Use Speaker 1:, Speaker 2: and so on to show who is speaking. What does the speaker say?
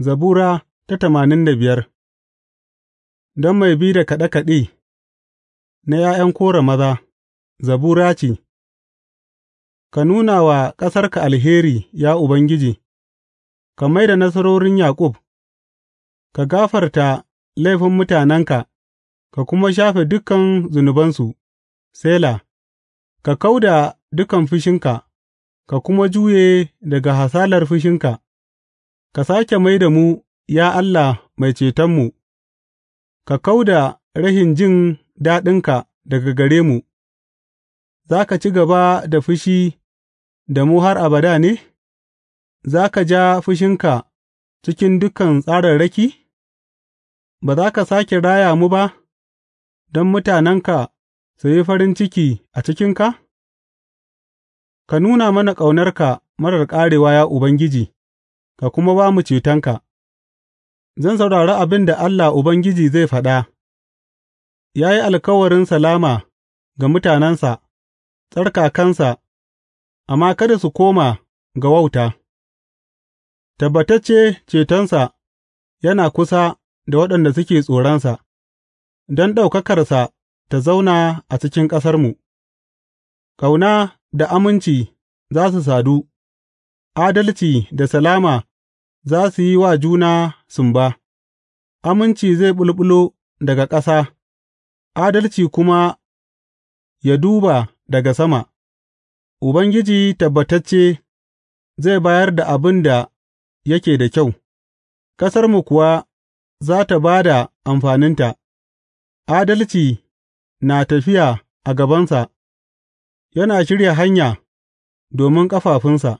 Speaker 1: Zabura ta tamanin da biyar Don mai bi da kaɗe kaɗe na ’ya'yan Kora maza, zabura ce, Ka nuna wa ƙasarka alheri, ya Ubangiji, ka mai da nasarorin Yaƙub; ka gafarta laifin mutanenka ka kuma shafe dukan zunubansu, Sela Ka kauda da dukan fushinka ka kuma juye daga hasalar fushinka. Ka sāke mai da mu, ya Allah Mai Cetonmu; ka kau da rashin jin daɗinka daga gare mu, za ka ci gaba da fushi da mu har abada ne, za ka ja fushinka cikin dukan tsararraki, ba za ka sāke raya mu ba don mutanenka su yi farin ciki a cikinka? Ka nuna mana ƙaunarka marar ƙarewa, ya Ubangiji. ka kuma ba mu cetonka; zan saurari abin da Allah Ubangiji zai faɗa, ya yi alkawarin salama ga mutanensa, tsarkakansa, amma kada su koma ga wauta; tabbatacce cetonsa yana kusa da waɗanda suke tsoronsa, don ɗaukakarsa ta zauna a cikin ƙasarmu. Ƙauna da aminci za su sadu, adalci da salama. za su yi wa juna sumba, aminci zai ɓulɓulo daga ƙasa, adalci kuma ya duba daga sama; Ubangiji tabbatacce zai bayar da abin da yake da kyau, ƙasarmu kuwa za ta ba da amfaninta, adalci na tafiya a gabansa, yana shirya hanya domin ƙafafunsa.